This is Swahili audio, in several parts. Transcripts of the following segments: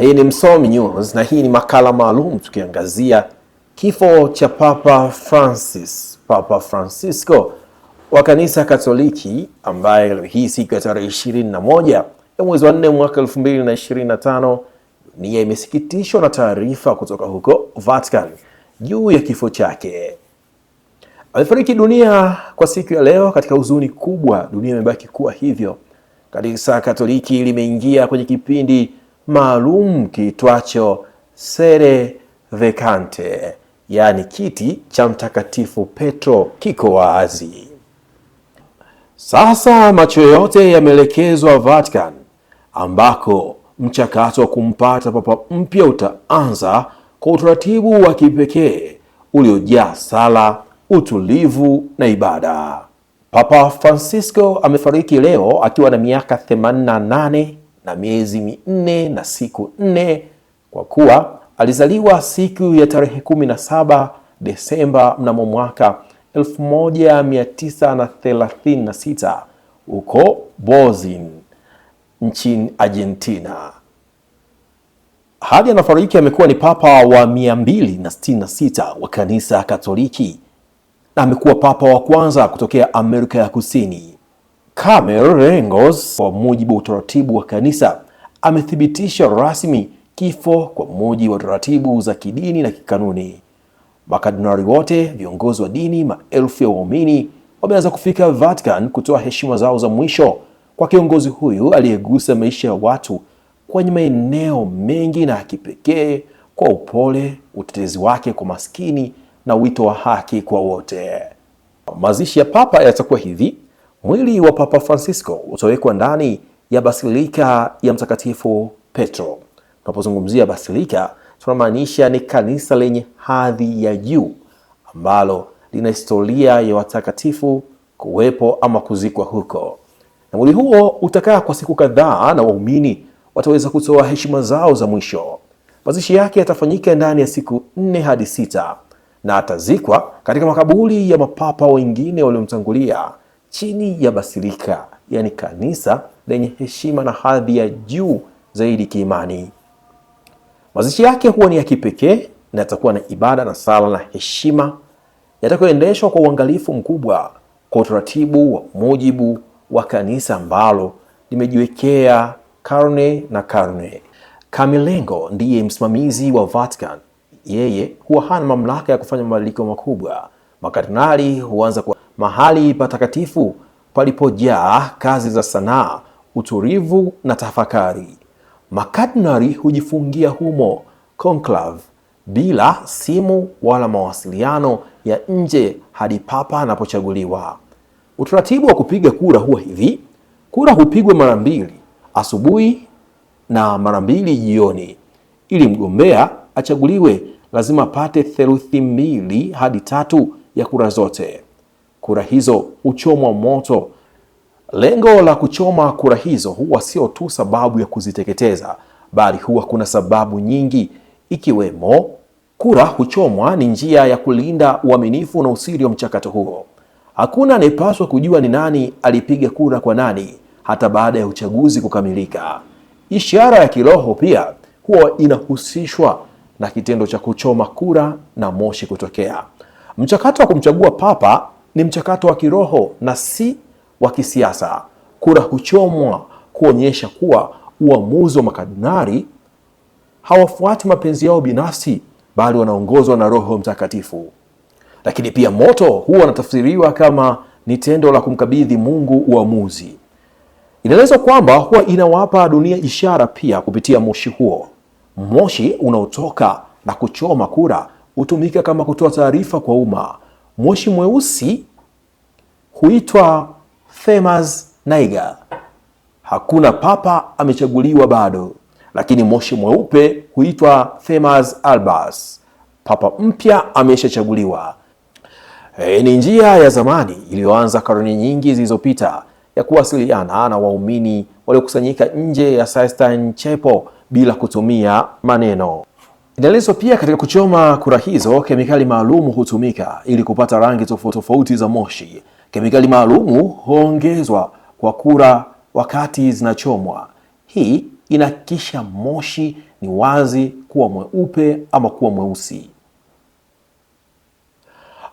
Hii ni Msomi News na hii ni makala maalum tukiangazia kifo cha Papa Francis, Papa Francisco wa Kanisa Katoliki ambaye hii siku ya tarehe na moja ya mwezi wa 4 mwaka 2025 dunia imesikitishwa na taarifa kutoka huko Vatican juu ya kifo chake. Amefariki dunia kwa siku ya leo katika huzuni kubwa. Dunia imebaki kuwa hivyo. Kanisa Katoliki limeingia kwenye kipindi maalum kiitwacho sere vekante, yaani kiti cha Mtakatifu Petro kiko wazi. Sasa macho yote yameelekezwa Vatican, ambako mchakato wa kumpata papa mpya utaanza kwa utaratibu wa kipekee uliojaa sala, utulivu na ibada. Papa Francisco amefariki leo akiwa na miaka 88 na miezi minne na siku nne kwa kuwa alizaliwa siku ya tarehe 17 Desemba mnamo mwaka 1936 huko Bozin nchini Argentina. Hadi anafariki amekuwa ni papa wa 266 wa kanisa Katoliki na amekuwa papa wa kwanza kutokea Amerika ya Kusini. Karmel Rengos, kwa mujibu wa utaratibu wa kanisa, amethibitisha rasmi kifo kwa mujibu wa taratibu za kidini na kikanuni. makadinari wote, viongozi wa dini, maelfu ya waumini wameanza kufika Vatican kutoa heshima zao za mwisho kwa kiongozi huyu aliyegusa maisha ya watu kwenye maeneo mengi na kipekee kwa upole, utetezi wake kwa maskini na wito wa haki kwa wote. Mazishi ya Papa yatakuwa hivi: Mwili wa Papa Francisco utawekwa ndani ya Basilika ya Mtakatifu Petro. Tunapozungumzia basilika, tunamaanisha ni kanisa lenye hadhi ya juu ambalo lina historia ya watakatifu kuwepo ama kuzikwa huko, na mwili huo utakaa kwa siku kadhaa, na waumini wataweza kutoa heshima zao za mwisho. Mazishi yake yatafanyika ndani ya siku nne hadi sita na atazikwa katika makaburi ya mapapa wengine waliomtangulia chini ya basilika, yani kanisa lenye heshima na hadhi ya juu zaidi kiimani. Mazishi yake huwa ni ya kipekee na yatakuwa na ibada na sala na heshima yatakayoendeshwa kwa uangalifu mkubwa, kwa utaratibu wa mujibu wa kanisa ambalo limejiwekea karne na karne. Kamilengo ndiye msimamizi wa Vatican. Yeye huwa hana mamlaka ya kufanya mabadiliko makubwa. Makardinali huanza kwa mahali patakatifu palipojaa kazi za sanaa, utulivu na tafakari. Makadinali hujifungia humo conclave bila simu wala mawasiliano ya nje hadi papa anapochaguliwa. Utaratibu wa kupiga kura huwa hivi: kura hupigwa mara mbili asubuhi na mara mbili jioni. Ili mgombea achaguliwe, lazima apate theluthi mbili hadi tatu ya kura zote kura hizo huchomwa moto. Lengo la kuchoma kura hizo huwa sio tu sababu ya kuziteketeza, bali huwa kuna sababu nyingi, ikiwemo kura huchomwa ni njia ya kulinda uaminifu na usiri wa mchakato huo. Hakuna anayepaswa kujua ni nani alipiga kura kwa nani hata baada ya uchaguzi kukamilika. Ishara ya kiroho pia huwa inahusishwa na kitendo cha kuchoma kura na moshi kutokea. Mchakato wa kumchagua papa ni mchakato wa kiroho na si wa kisiasa. Kura huchomwa kuonyesha kuwa uamuzi wa makadinari hawafuati mapenzi yao binafsi, bali wanaongozwa na Roho Mtakatifu. Lakini pia moto huwa unatafsiriwa kama ni tendo la kumkabidhi Mungu uamuzi. Inaelezwa kwamba huwa inawapa dunia ishara pia kupitia moshi huo. Moshi unaotoka na kuchoma kura hutumika kama kutoa taarifa kwa umma Moshi mweusi huitwa Themas niger. Hakuna papa amechaguliwa bado, lakini moshi mweupe huitwa Themas albas. Papa mpya ameshachaguliwa. E, ni njia ya zamani iliyoanza karne nyingi zilizopita ya kuwasiliana na waumini waliokusanyika nje ya Sistine Chapel bila kutumia maneno. Inaelezwa pia katika kuchoma kura hizo kemikali maalumu hutumika ili kupata rangi tofauti tofauti za moshi. Kemikali maalumu huongezwa kwa kura wakati zinachomwa. Hii inahakikisha moshi ni wazi kuwa mweupe ama kuwa mweusi.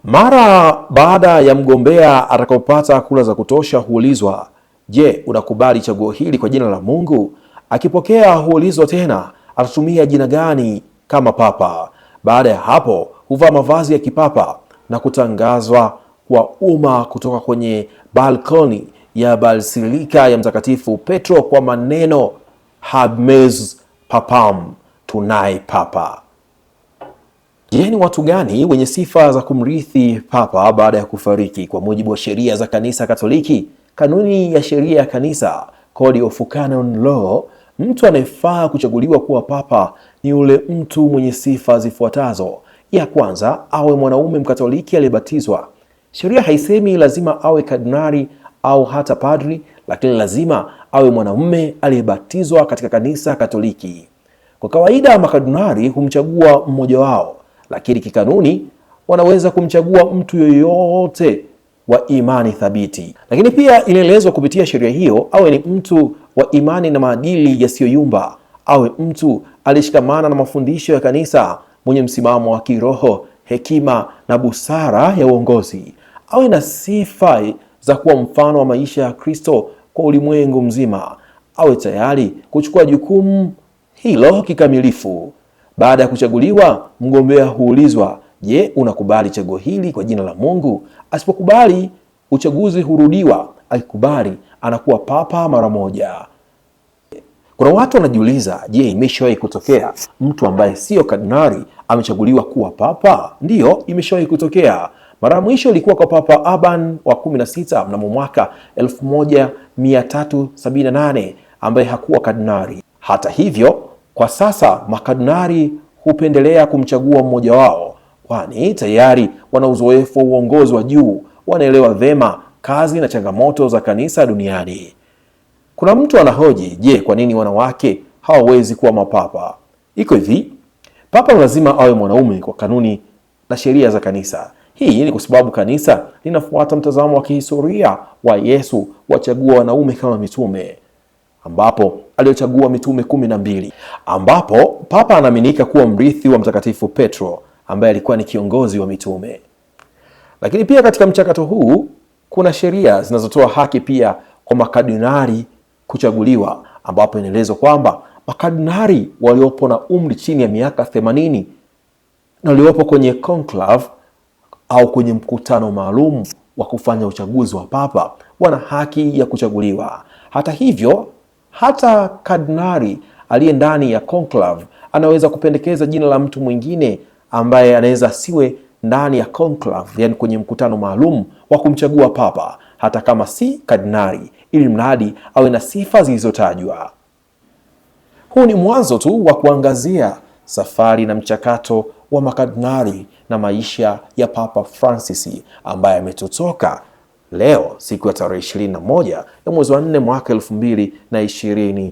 Mara baada ya mgombea atakapopata kura za kutosha huulizwa, je, unakubali chaguo hili kwa jina la Mungu? Akipokea huulizwa tena atatumia jina gani kama papa. Baada ya hapo huvaa mavazi ya kipapa na kutangazwa kwa umma kutoka kwenye balkoni ya Basilika ya Mtakatifu Petro kwa maneno Habes Papam, tunaye papa. Je, ni watu gani wenye sifa za kumrithi papa baada ya kufariki? Kwa mujibu wa sheria za kanisa Katoliki, kanuni ya sheria ya kanisa, Code of Canon Law, Mtu anayefaa kuchaguliwa kuwa papa ni yule mtu mwenye sifa zifuatazo. Ya kwanza, awe mwanaume Mkatoliki aliyebatizwa. Sheria haisemi lazima awe kardinali au hata padri, lakini lazima awe mwanaume aliyebatizwa katika kanisa Katoliki. Kwa kawaida makardinali humchagua mmoja wao, lakini kikanuni wanaweza kumchagua mtu yoyote wa imani thabiti. Lakini pia inaelezwa kupitia sheria hiyo awe ni mtu wa imani na maadili yasiyoyumba, awe mtu aliyeshikamana na mafundisho ya kanisa, mwenye msimamo wa kiroho, hekima na busara ya uongozi, awe na sifa za kuwa mfano wa maisha ya Kristo kwa ulimwengu mzima, awe tayari kuchukua jukumu hilo kikamilifu. Baada ya kuchaguliwa, mgombea huulizwa, je, unakubali chaguo hili kwa jina la Mungu? Asipokubali, uchaguzi hurudiwa. Akikubali, anakuwa papa mara moja. Kuna watu wanajiuliza, je, imeshawahi kutokea mtu ambaye sio kardinali amechaguliwa kuwa papa? Ndiyo, imeshawahi kutokea. Mara ya mwisho ilikuwa kwa Papa Urban wa 16 mnamo mwaka 1378 ambaye hakuwa kardinali. Hata hivyo, kwa sasa makardinali hupendelea kumchagua mmoja wao, kwani tayari wana uzoefu wa uongozi wa juu, wanaelewa vema kazi na changamoto za kanisa duniani. Kuna mtu anahoji, je, kwa nini wanawake hawawezi kuwa mapapa? Iko hivi, papa lazima awe mwanaume kwa kanuni na sheria za kanisa. Hii ni kwa sababu kanisa linafuata mtazamo wa kihistoria wa Yesu wachagua wanaume kama mitume, ambapo aliochagua mitume kumi na mbili, ambapo papa anaaminika kuwa mrithi wa Mtakatifu Petro ambaye alikuwa ni kiongozi wa mitume. Lakini pia katika mchakato huu kuna sheria zinazotoa haki pia kwa makadinari kuchaguliwa, ambapo inaelezwa kwamba makadinari waliopo na umri chini ya miaka 80 na waliopo kwenye conclave au kwenye mkutano maalum wa kufanya uchaguzi wa papa wana haki ya kuchaguliwa. Hata hivyo, hata kadinari aliye ndani ya conclave anaweza kupendekeza jina la mtu mwingine ambaye anaweza asiwe ndani ya conclave, yani kwenye mkutano maalum wa kumchagua papa, hata kama si kardinali, ili mradi awe na sifa zilizotajwa. Huu ni mwanzo tu wa kuangazia safari na mchakato wa makardinali na maisha ya Papa Francis ambaye ametotoka leo siku ya tarehe 21 ya mwezi wa 4 mwaka 225